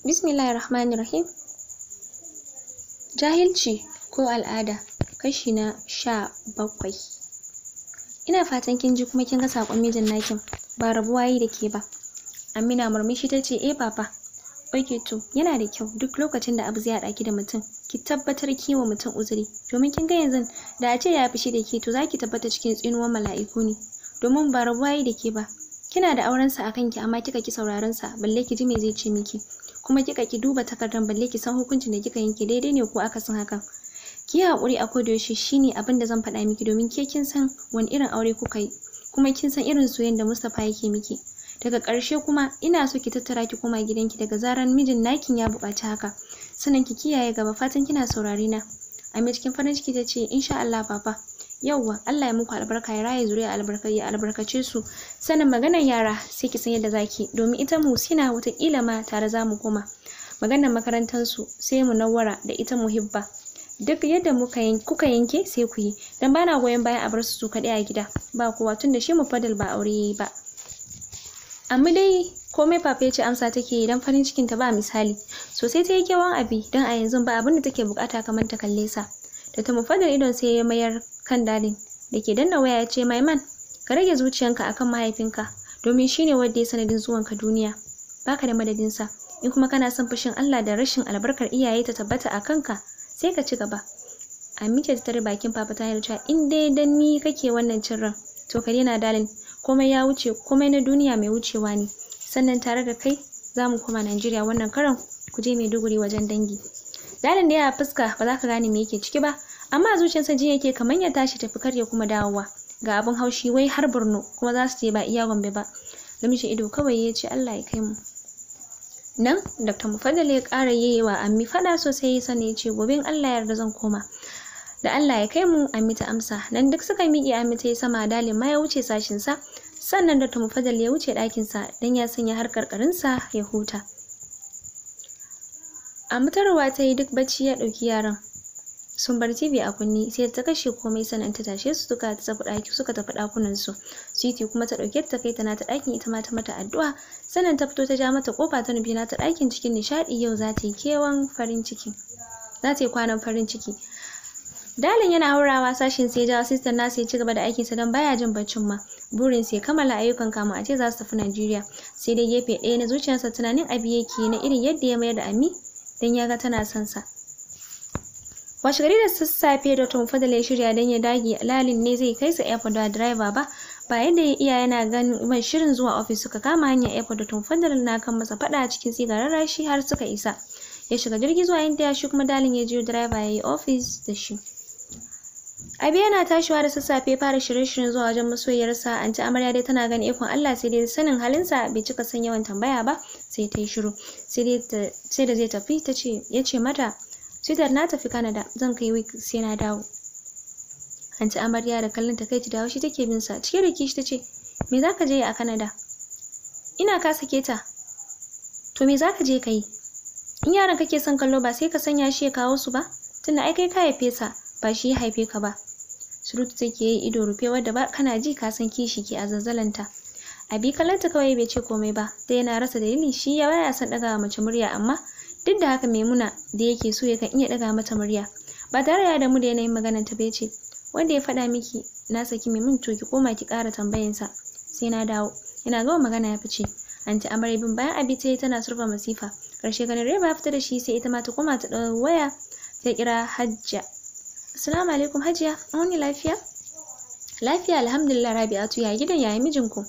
bismillahirrahmanirrahim Jahilci ko al'ada kashi na sha bakwai Ina fatan kin ji kuma kin ga sakon mijin nakin ba rabuwa yi da ke ba Amina murmushi ta ce eh baba. Ok to yana da kyau duk lokacin da abu zai haɗa ki da mutum ki tabbatar ki wa mutum uzuri domin kin ga yanzu da a ce ya fishi da ke to zaki tabbata cikin tsinuwar mala'iku ne domin ba rabuwa yi da ke ba kina da auren sa akan ki amma kika ki sauraron sa balle ki ji me zai ce miki kuma kika ki duba takardar balle ki san hukuncin da kika yanke daidai ne ko akasin haka ki yi haƙuri a koda yaushe shine abin da zan faɗa miki domin ke kin san wani irin aure kuka yi kuma kin san irin soyayyen da Mustapha yake miki daga ƙarshe kuma ina so ki tattara ki koma gidanki daga zaran mijin nakin ya buƙaci haka sannan ki kiyaye gaba fatan kina saurare na Amir cikin farin ciki ta ce insha Allah baba yauwa Allah ya muku albarka ya raye zuriya albarka ya albarkace su sanin maganar yara sai ki san yadda zaki domin ita mu sina watakila ma tare za mu koma maganar makarantar su sai mu nawara da ita mu hibba duk yadda muka kuka yanke sai ku yi dan bana goyon bayan a bar su su kaɗai a gida ba kowa tun da shi mu fadal ba aure ya yi ba amma dai komai fafe ce amsa take yi dan farin cikin ta ba misali sosai ta yi kewan abi dan a yanzu ba abin da take bukata kamar ta kalle sa da ta mu fadal idon sai ya mayar kan dalin da ke danna waya ya ce maiman ka rage zuciyanka akan mahaifinka domin shine wanda ya sanadin zuwanka duniya baka da madadinsa in kuma kana son fushin Allah da rashin albarkar iyaye ta tabbata a kanka sai ka ci gaba amince ta tare bakin papa ta yarda in dai dan ni kake wannan cin ran to ka daina dalin komai ya wuce komai na duniya mai wucewa ne sannan tare da kai za mu koma Najeriya wannan karan ku je Maiduguri wajen dangi dalin da ya fuska ba za ka gane me yake ciki ba amma zuciyarsa ji yake kamar ya tashi tafi kar ya kuma dawowa ga abin haushi wai har Borno kuma za su je ba iya Gombe ba namiji ido kawai ya ce Allah ya kai mu nan Dr. Mufaddal ya kara yayewa ammi fada sosai sannan ya ce gobe in Allah yarda zan koma da Allah ya kai mu ammi ta amsa nan duk suka miƙe ammi ta yi sama dalin ma ya wuce sashin sa sannan Dr. Mufaddal ya wuce ɗakin sa dan ya sanya har karkarin sa ya huta a mutarwa ta yi duk bacci ya ɗauki yaran sun bar TV a kunne sai ta kashe komai sannan ta tashe su suka ta tafi ɗaki suka tafi ɗakunan su Sweety kuma ta ɗauke ta kai ta ta ɗakin ita ma ta mata addu'a sannan ta fito ta ja mata kofa ta nufi ta ɗakin cikin nishaɗi yau za ta yi kewan farin ciki za ta yi kwanan farin ciki Dalin yana haurawa sashin sai ja sistan nasa ya ci gaba da aikinsa don baya jin baccin ma. Burin sai kammala ayyukan kamun a ce za su tafi Najeriya. Sai dai gefe ɗaya na zuciyarsa tunanin abi yake na irin yadda ya mayar da Ami don ya ga tana son sa. washe gari da sassafe da tom fadala ya shirya don ya dage lalin ne zai kai su airport da driver ba ba yadda ya iya yana ganin ban shirin zuwa ofis suka kama hanyar airport da tom fadala na kan masa fada cikin sigarar rashi har suka isa ya shiga jirgi zuwa inda shi kuma dalin ya jiyo driver ya yi ofis da shi Abi yana tashiwa da sassafe fara shirye-shiryen zuwa wajen masoyiyarsa an ci amarya dai tana ganin ikon Allah sai dai sanin halinsa bai cika son yawan tambaya ba sai ta yi shiru sai da zai tafi ta ce ya ce mata sweetheart na tafi canada zan kai week sai na dawo anti amarya da kallon ta kai dawo shi take bin sa cike da kishi tace me zaka je a canada ina ka sake ta to me zaka je kai in yaran kake son kallo ba sai ka sanya shi ya kawo su ba tunda ai kai ka haife sa ba shi ya haife ka ba surutu take yi ido rufe wadda ba kana ji ka san kishi ke a zazzalanta abi kallanta kawai bai ce komai ba da yana rasa dalili shi ya baya san daga mace murya amma duk da haka maimuna da yake so ya kan iya ɗaga mata murya ba tare da mu da yanayin maganar ta bai ce wanda ya faɗa miki na saki maimun to ki koma ki ƙara sa sai na dawo yana gama magana ya fice anti amare bin bayan abi ta tana surfa masifa karshe ganin reba ya fita da shi sai ita ma ta koma ta ɗau waya ta kira hajja assalamu alaikum hajiya wani lafiya lafiya alhamdulillah rabi'atu ya gidan yayi mijinku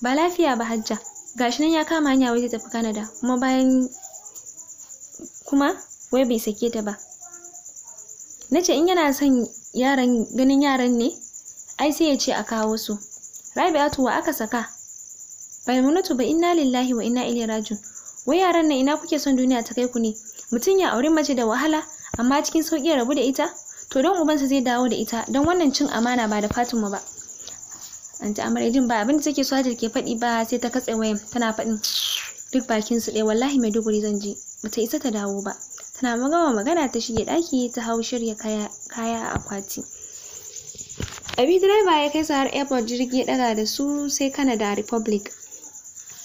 ba lafiya ba hajja gashi nan ya kama hanya waje tafi kanada kuma bayan kuma wai bai sake ta ba na ce in yana son yaran ganin yaran ne ai sai ya ce a kawo su rabi'atu wa aka saka maimunatu ba inna lillahi wa inna ilaihi rajiun wai yaran nan ina kuke son duniya ta kai ku ne mutum ya auri mace da wahala amma cikin sauki rabu da ita to don ubansa zai dawo da ita don wannan cin amana ba da fatima ba anti amarya jin ba abinda take so ke faɗi ba sai ta katse wayan tana faɗin duk bakin su ɗaya wallahi maiduguri zan je bata isa ta dawo ba tana gama magana ta shige ɗaki ta hau shirya kaya a akwati abi direba ya kai su har airport jirgi daga da su sai canada republic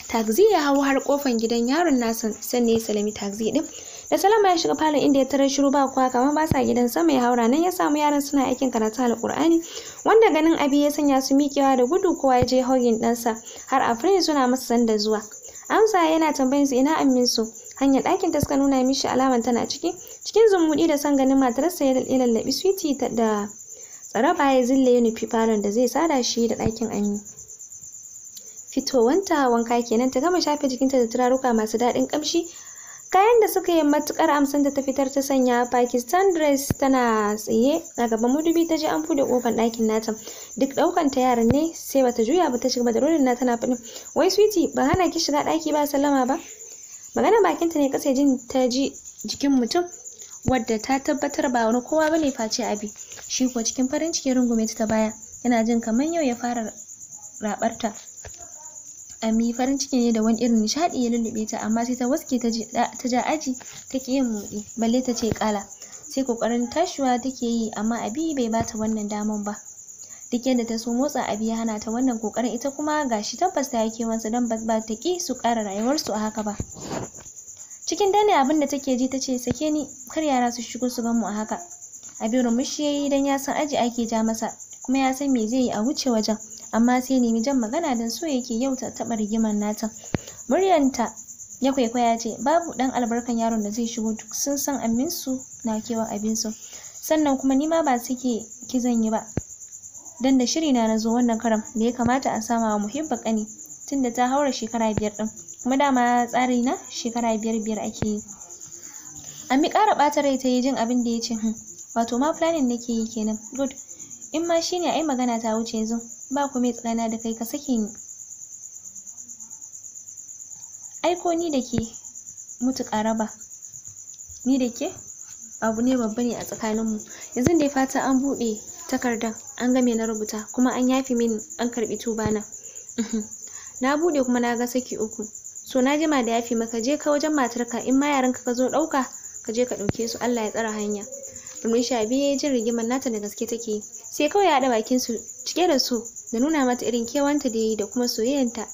taxi ya hau har kofan gidan yaron nasan sannan ya salami taxi din da salama ya shiga falon inda ya tarar shiru ba kuwa kamar ba sa gidan sama ya haura nan ya samu yaran suna aikin karatu alkur'ani wanda ganin abi ya sanya su mikewa da gudu kowa ya je hogin ɗansa har a suna masa sanda zuwa amsa yana tambayin su ina amminsu hanyar ɗakin ta suka nuna mishi alamar tana ciki cikin zumuɗi da son ganin matarsa ya lallaɓi switi da tsaraba ya zille ya nufi falon da zai sada shi da ɗakin ami fitowanta wanka kenan ta gama shafe jikinta da turaruka masu daɗin ƙamshi kayan da suka yi matukar amsan da ta fitar ta sanya pakistan dress tana tsaye a gaban madubi ta je an bude kofar ɗakin nata duk ɗaukan ta yaran ne sai bata juya ba ta shiga da na tana faɗin wai switi ba hana ki shiga ɗaki ba sallama ba magana ta ne kasa jin ta ji jikin mutum wadda ta tabbatar ba wani kowa bane face abi shi kuwa cikin farin ciki rungume ta ta baya yana jin kamar yau ya fara rabarta ami farin ciki ne da wani irin nishadi ya lullube ta amma sai ta waske ta ja aji ta ki yin motsi balle ta ce kala sai kokarin tashiwa take yi amma abi bai bata wannan daman ba duk yadda ta so motsa abi ya hana ta wannan kokarin ita kuma gashi tabbas ta yi kewansa don ba ta ki su ƙara rayuwarsu a haka ba cikin dane abin da take ji tace sake ni kar yara su shigo su gan mu a haka abi rumushi ya yi ya san aji ake ja masa kuma ya san me zai yi a wuce wajen amma sai nemi jan magana dan so yake yau ta taba rigiman nata muryanta ya kwaikwaya ce babu dan albarkan yaron da zai shigo duk sun san aminsu na kewan abinsu sannan kuma nima ba suke ki zan yi ba don da shiri na zo wannan karam da ya kamata a sama wa muhibba ƙani tunda ta haura shekara biyar ɗin kuma dama tsari na shekara biyar biyar ake yi Ami ƙara ɓata rai ta yi jin abin da ya ce hmm, wato ma planning nake yi kenan good in ma shine ai magana ta wuce yanzu ba mai tsana da kai ka sake ni ai ko ni da ke mutu raba, ni da ke abu ne babba ne a tsakaninmu yanzu dai fata an buɗe takardan an ga me na rubuta kuma an yafe min an karbi tuba na na bude kuma na ga saki uku so na jima da yafi maka je ka wajen matarka in ma yaranka ka zo dauka ka je ka dauke su Allah ya tsara hanya domin shabi ya jin rigimar nata da gaske take sai kawai ya hada bakin su cike da su da nuna mata irin kewanta da yi da kuma soyayyanta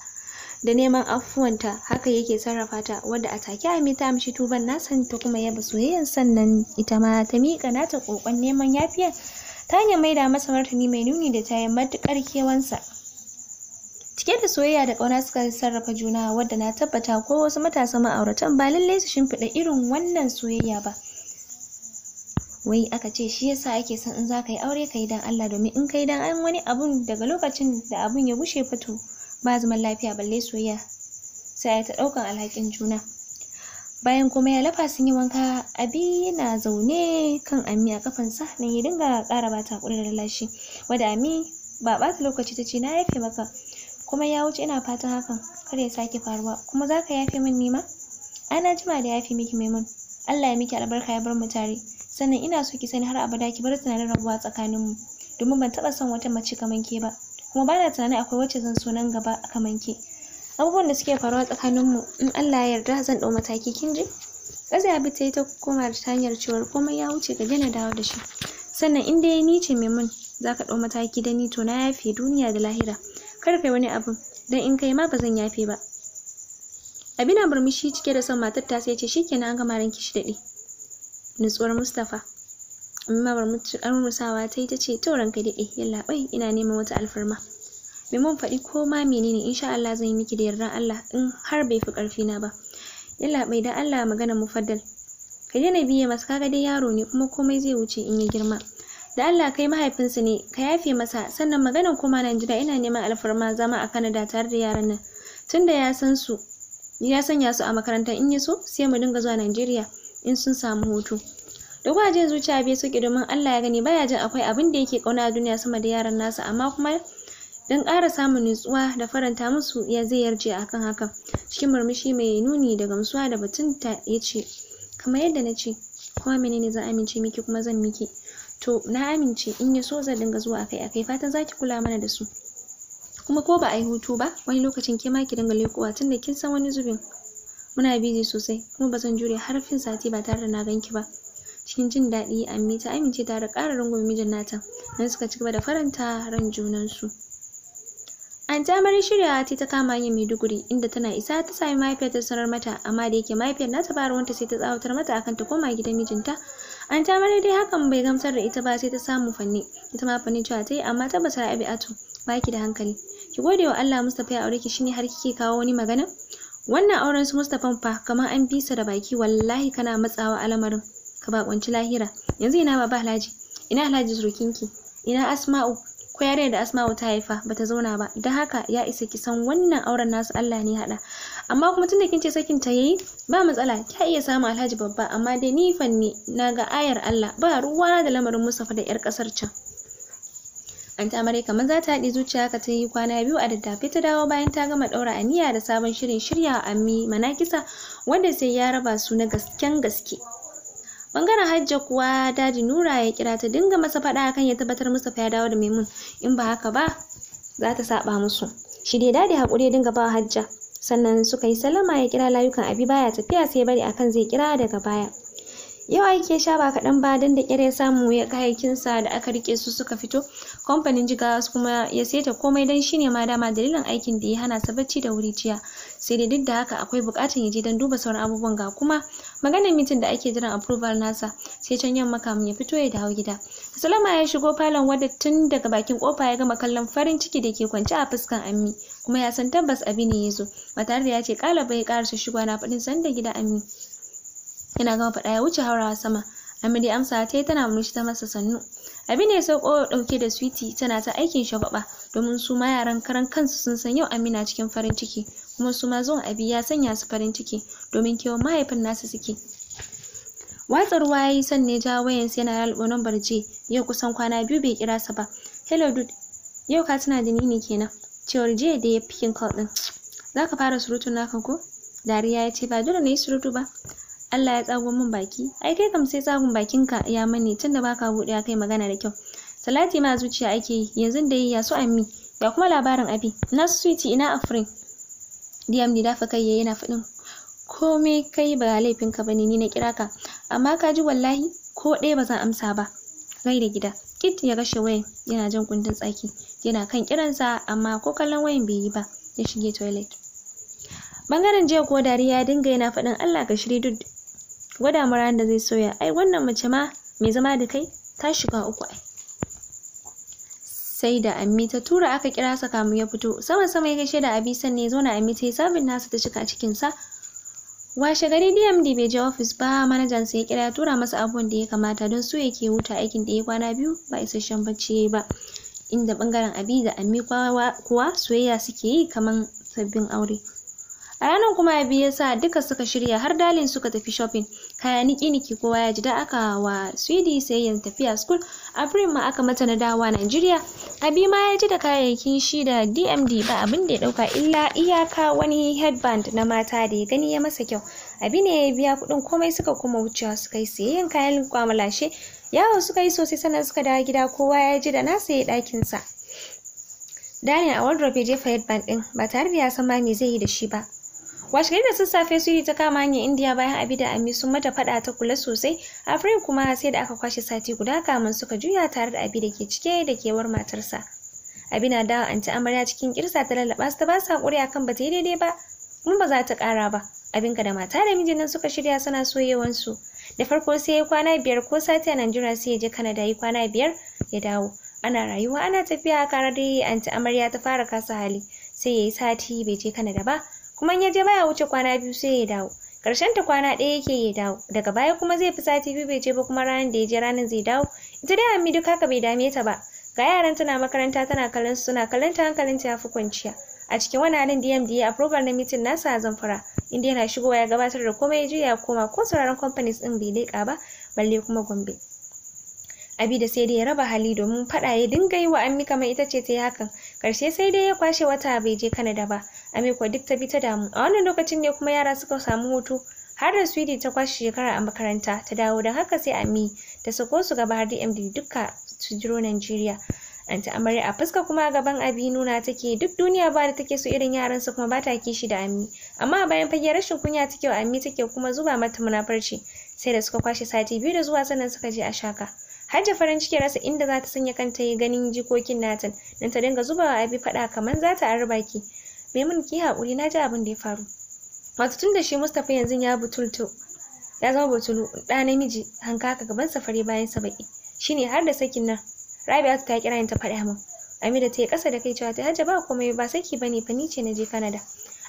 da neman afuwanta haka yake sarrafa ta wadda a take a ta amshi tuban nasan ta kuma yaba soyayyan sannan ita ma ta miƙa nata kokon neman yafiyar ta hanyar maida masa martani mai nuni da tayi matukar kewansa cike da soyayya da ƙauna suka sarrafa juna wadda na tabbata ko wasu matasan ma'auratan ba lallai su shimfiɗa irin wannan soyayya ba wai aka ce shi yasa ake son in za ka yi aure ka yi dan Allah domin in ka yi dan an wani abun daga lokacin da abun ya bushe fito ba zaman lafiya balle soyayya sai ta ɗaukan alhakin juna bayan kuma ya lafa sun yi wanka abi yana zaune kan ami a kafansa nan ya dinga ƙara bata hakuri da lalashi wadda ami ba ɓata lokaci ta ce na yafe maka kuma ya wuce ina fatan hakan kar ya sake faruwa kuma za ka yafe min nima ana jima da yafe miki maimun Allah ya miki albarka ya bar mu tare sannan ina so ki sani har abada ki bar tunanin rabuwa tsakanin mu domin ban taɓa son wata mace kamar ke ba kuma bana tunanin akwai wacce zan so nan gaba kaman ke abubuwan da suke faruwa mu in Allah ya yarda zan ɗau mataki kin ji gaza ya ta yi ta koma ta hanyar cewar komai ya wuce ga daina dawo da shi sannan in dai ni ce mai mun zaka ka ɗau mataki da ni to na yafe duniya da lahira kar kai wani abu dan in kai ma ba zan yafe ba abina murmushi cike da son matar ta sai ce shikenan an gama ranki shi daɗe nutsuwar mustapha amma murmusawa ta yi ta ce to ranka daɗe yallaɓai ina neman wata alfarma bai mun faɗi ko ma menene insha Allah zan yi miki da yardan Allah in har bai fi ƙarfi na ba yalla bai da Allah magana mu faddal ka daina biye masa kaga dai yaro ne kuma komai zai wuce in ya girma da Allah kai mahaifinsa ne ka yafe masa sannan maganan koma Najeriya ina neman alfarma zama a Canada tare da yaran nan tunda ya san su ya sanya su a makaranta in ya so sai mu dinga zuwa Najeriya in sun samu hutu da kuma zuciya bai soke domin Allah ya gani baya jin akwai abin da yake kauna a duniya sama da yaran nasa amma kuma don ƙara samun nutsuwa da faranta musu ya zai yarje a kan hakan cikin murmushi mai nuni daga gamsuwa da batun ta yace kamar yadda na ce kuma menene zan amince miki kuma zan miki to na amince in ya so zan dinga zuwa akai akai fatan zaki kula mana da su kuma ko ba a yi hutu ba wani lokacin ke ma ki dinga leƙowa tunda kin san wani zubin muna busy sosai kuma ba zan jure harfin sati ba tare da na ganki ba cikin jin daɗi amma ta amince tare ƙara rungumin mijin nata don suka ci gaba da faranta ran junansu An tamari shiryawa ce ta kama yin Maiduguri inda tana isa ta sami mahaifiyar ta sanar mata amma da yake mahaifiyar nata ba ruwanta sai ta tsawatar mata akan ta koma gidan mijinta. An tamari dai hakan bai gamsar da ita ba sai ta samu fanni ita ma fanni cewa ta yi amma tabbas Rabi'atu ba ki da hankali. Ki gode wa Allah Mustapha ya aure ki shine har kike kawo wani magana? Wannan auren su Mustapha fa kamar an bisa da baki wallahi kana matsawa al'amarin ka ba lahira. Yanzu ina baba Alhaji, ina Alhaji surukinki, ina Asma'u, ko yare da asma'u ta haifa bata zauna ba don haka ya isa ki san wannan auren nasu Allah ne hada amma kuma tunda kin ce sakin ta yi ba matsala ki iya samu Alhaji babba amma dai ni fanni ga ayar Allah ba ruwa da lamarin Mustafa da yar kasar can an ta amare kamar za ta haɗe zuciya ka ta yi kwana biyu a daddafe ta dawo bayan ta gama ɗaura aniya da sabon shirin shirya amma/mana manakisa wanda sai ya raba su na gasken gaske bangaren hajja kuwa daji nura ya kira ta dinga masa faɗa akan ya tabbatar fa ya dawo da maimun in ba haka ba za ta saba musu shi dai dadi hakuri ya dinga ba hajja sannan suka yi salama ya kira layukan abi baya tafiya sai bari akan zai kira daga baya yau aiki ya sha ba kaɗan ba don da ƙyar ya samu ya kayakinsa da aka rike su suka fito kamfanin jiga kuma ya saita komai dan shine ma dama dalilin aikin da ya hana sa bacci da wuri jiya sai dai duk da haka akwai buƙatar ya je don duba sauran abubuwan ga kuma maganar mitin da ake jiran approval nasa sai can yamma kamun ya fito ya dawo gida salama ya shigo falon wadda tun daga bakin kofa ya gama kallon farin ciki da ke kwance a fuskan ammi kuma ya san tabbas abi ne ya zo ba tare da ya ce ƙala bai ƙarasa shigo na faɗin sanda gida ammi yana gama faɗa ya wuce haurawa sama amiri amsa ta yi tana murmushi ta masa sannu abin da ya sauko ɗauke da switi tana ta aikin shagwaba domin su ma yaran karan kansu sun san yau amina cikin farin ciki kuma su ma zuwan abi ya sanya su farin ciki domin kewan mahaifin nasu suke watsa ruwa ya yi son ne jawo sai yana lalbo nambar je yau kusan kwana biyu bai kira sa ba hello dude yau ka tuna da ni ne kenan cewar je da ya fi kin call din zaka fara surutu naka ko dariya ya ce ba dole na yi surutu ba Allah ya tsago min baki ai kai kam sai tsagun bakinka ya mani tunda baka buɗe kai magana da kyau salati ma zuciya ake yi yanzu da ya su ammi ya kuma labarin abi na sweet ina afirin diyam ni dafa kai yana fadin komai kai ba laifin ka bane ni na kira ka amma ka ji wallahi ko ɗaya ba zan amsa ba rai da gida kit ya kashe wayan yana jan kundin tsaki yana kan kiransa amma ko kallon wayan bai yi ba ya shige toilet bangaren jiya ko dariya ya dinga yana faɗin allah ka shiri duk gwada mu ranar da zai soya ai wannan mace ma mai zama da kai ta shiga uku ai sai da ammi ta tura aka kira sa kamun ya fito sama sama ya gaishe da abi sannan ya zauna ammi ta yi sabin nasa ta cika cikin sa washe gari dmd bai je ofis ba manajan sai ya kira ya tura masa abun da ya kamata don su yake huta aikin da ya kwana biyu ba isasshen bacci ya ba inda bangaren abi da ammi kuwa soyayya suke yi kaman sabbin aure a ranar kuma ya biya sa duka suka shirya har dalin suka tafi shopping kaya niki niki kowa ya ji da aka wa swede sayayyan tafiya school afrin ma aka mata na dawa nigeria abi ma ya ji da kayayyakin shi da dmd ba abin da ya dauka illa iyaka wani headband na mata da ya gani ya masa kyau abi ne ya biya kudin komai suka kuma wucewa suka yi sayayyen kayan kwamalashe yawon suka yi sosai sannan suka dawo gida kowa ya ji da na sayi ɗakinsa Daniel a wardrobe jefa headband ɗin ba tare da ya san ma me zai yi da shi ba. washegari da sassafe yi ta kama hanyar indiya bayan abi da ami sun mata fada ta kula sosai a afrin kuma sai da aka kwashe sati guda kamun suka juya tare da abi da ke cike da kewar matarsa abi na dawa anti amarya cikin kirsa ta lallaba su ta ba su hakuri akan ba ta yi daidai ba Kuma ba za ta kara ba Abin ka da mata da mijin nan suka shirya suna su. da farko sai ya kwana biyar ko sati a najeriya sai ya je kanada ya kwana biyar ya dawo ana rayuwa ana tafiya kara dai anti amarya ta fara kasa hali sai ya yi sati bai je kanada ba kuma in ya je baya wuce kwana biyu sai ya dawo karshen ta kwana ɗaya yake ya dawo daga baya kuma zai fi sati biyu bai je ba kuma ranar da ya je ranar zai dawo ita dai ammi duk haka bai dame ta ba ga yaran tana makaranta tana kallon su suna kallon ta hankalin ta ya fi kwanciya a cikin wani halin da ya approval na mitin nasa a zamfara inda yana shigowa ya gabatar da komai ya juya koma ko sauraron companies din bai leƙa ba balle kuma gombe abida sai dai ya raba hali domin faɗa ya dinga yi wa ammi kamar ita ce ta yi hakan karshe sai dai ya kwashe wata bai je kanada ba ammi duk ta bi ta damu a wannan lokacin ne kuma yara suka samu hutu har da swidi ta kwashe shekara a makaranta ta dawo don haka sai ami ta sako su gaba har dmd duka su jiro nigeria anti amarya a fuska kuma a gaban abi nuna take duk duniya ba da take so irin yaran su kuma ba ta kishi da ami amma bayan fage rashin kunya take wa ami take kuma zuba mata munafarci sai da suka kwashe sati biyu da zuwa sannan suka je a shaka Hajja farin ciki rasa inda za ta sanya kanta yi ganin jikokin natan nan ta dinga zubawa bi faɗa kamar za ta arba ki. Maimun ki haƙuri na ji abin da ya faru. Wato tun da shi Mustapha yanzu ya butulto. Ya zama butulu ɗa namiji hankaka gaban safari bayan sa baki. ne, har da sakin nan. Rabi'atu ta kira ta faɗa min. Amira ta yi ƙasa da kai cewa ta hajja ba komai ba saki ne fa ni ce na je Kanada.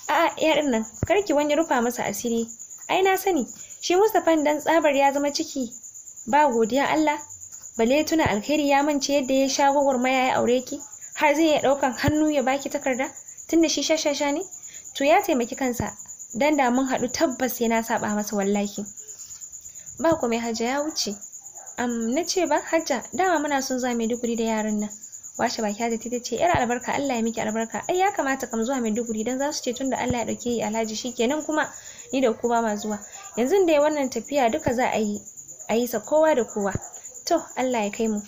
A'a ɗin nan kar ki wani rufa masa asiri. Ai na sani shi Mustapha dan tsabar ya zama ciki ba godiya Allah bale tuna alkhairi ya mance yadda ya sha gwagwarmaya ya aure ki har zai iya ɗaukan hannu ya baki takarda tunda shi shashasha ne to ya taimaki kansa dan da mun haɗu tabbas yana na saba masa wallahi ba ku mai hajja ya wuce am na ce ba hajja dama muna son zuwa maiduguri da yaran nan washe baki hajja ta ce yar albarka Allah ya miki albarka ai ya kamata kam zuwa maiduguri dan za su ce tunda Allah ya dauke yi alhaji shikenan kuma ni da ku ba ma zuwa yanzu da wannan tafiya duka za a yi a yi sa kowa da kowa to Allah ya kai mu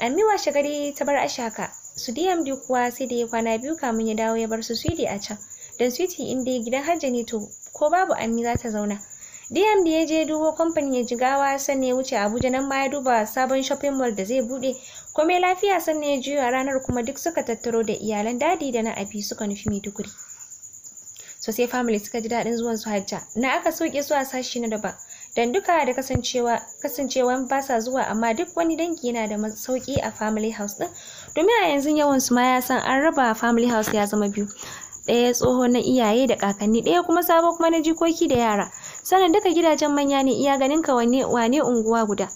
Ami washe gari ta bar ashaka su DMD kuwa sai da ya kwana biyu kamun ya dawo ya bar su Swidi a can don Swidi in gidan Hajja ne to ko babu ami za ta zauna DMD ya je dubo kamfanin ya jigawa sannan ya wuce Abuja nan ma ya duba sabon shopping mall da zai bude komai lafiya sannan ya juya ranar kuma duk suka tattaro da iyalan dadi da na abi suka nufi Maiduguri so sai family suka ji daɗin zuwan su Hajja na aka soke su a sashi na daban don duka da kasancewa kasancewan ba sa zuwa amma duk wani dangi yana da sauki a family house din domin a yanzu yawan su ma ya san an raba family house ya zama biyu ɗaya tsoho na iyaye da kakanni ɗaya kuma sabo kuma na jikoki da yara sannan duka gidajen manya ne iya ganin ka wane wane unguwa guda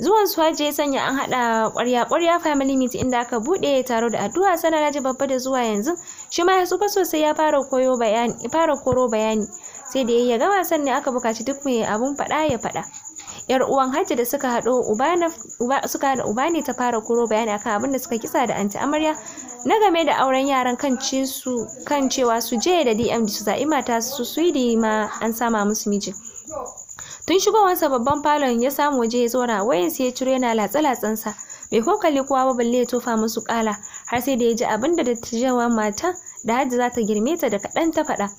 zuwan su hajji ya sanya an haɗa ƙwarya ƙwarya family meet inda aka buɗe taro da addu'a sannan ji babba da zuwa yanzu shi ma ya tsufa sosai ya fara koyo bayani fara koro bayani sai da ya ya gama sannan aka bukaci duk mai abun faɗa ya faɗa yar uwan hajji da suka haɗo uba suka haɗa uba ne ta fara koro bayani akan abin da suka kisa da anti amarya na game da auren yaran kan cewa su je da dm su zaɓi mata su su ma an sama musu miji tun shigowansa babban falon ya samu waje ya zauna wayan sai ya ciro yana latsa latsan sa bai ko kalli kowa ba balle ya tofa musu kala har sai da ya ji abin da dattijawa mata da hajji za ta girme ta da kaɗan ta faɗa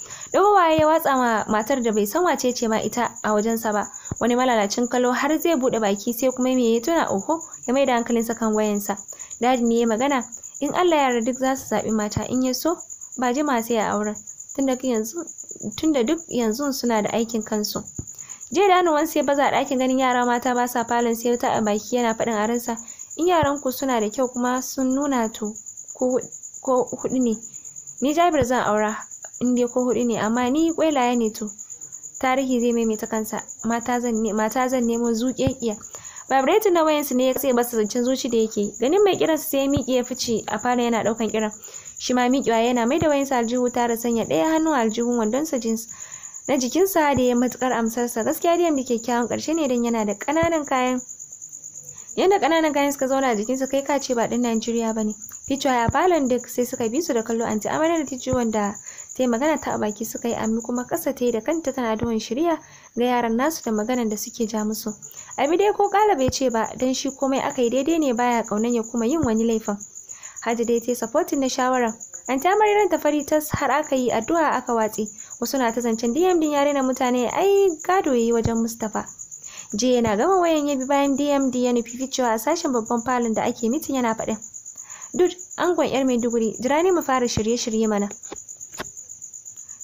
waye ya watsa ma matar da bai san wace ce ma ita a wajensa ba wani malalacin kalo har zai buɗe baki sai kuma me ya tuna oho ya mai da hankalinsa kan wayansa dadi ne ya magana in allah ya yarda duk za su zaɓi mata in ya so ba jima sai a auren tunda yanzu duk yanzu suna da aikin kansu jiya da hannuwan sai baza ɗakin ganin yara mata ba sa falon sai wuta a baki yana faɗin a ransa in yaranku suna da kyau kuma sun nuna to ko huɗu ne ni jabir zan aura in dai ko hudu ne amma ni kwailaye ne to tarihi zai maimaita kansa mata zan mata zan nemo zuƙeƙiya vibrator na wayansu ne ya katse basa zancen zuci da yake ganin mai kiransa sai ya miƙe ya fice a fara yana daukan kiran shi ma miƙewa yana mai da wayansa aljihu tara sanya ɗaya hannu aljihun wandonsa jeans na jikinsa da ya matukar amsarsa gaskiya da da kyakkyawan ƙarshe ne don yana da ƙananan kayan yadda ƙananan kayan suka zauna a jikinsa kai ka ce ba ɗin Najeriya ba ne ficewa ya falon duk sai suka bi su da kallo anti amana da wanda ta yi magana ta a baki suka yi ammi kuma kasa ta yi da kanta tana duwan shirya ga yaran nasu da maganar da suke ja musu abi dai ko kala bai ce ba dan shi komai aka yi daidai ne baya kaunan ya kuma yin wani laifin hajji dai ta sapotin na shawarar an ta mariran ta fari tas har aka yi addu'a aka watse wasu na ta zancen dm din yare na mutane ai gado yayi wajen mustapha jiya yana gama wayan ya bi bayan dmd ya nufi ficewa a sashen babban falon da ake mitin yana faɗin dud angon yar maiduguri jira ne mu fara shirye-shirye mana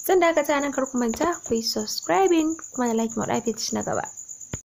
zan dakata nan kar ku manta ku yi subscribing kuma da like mu na gaba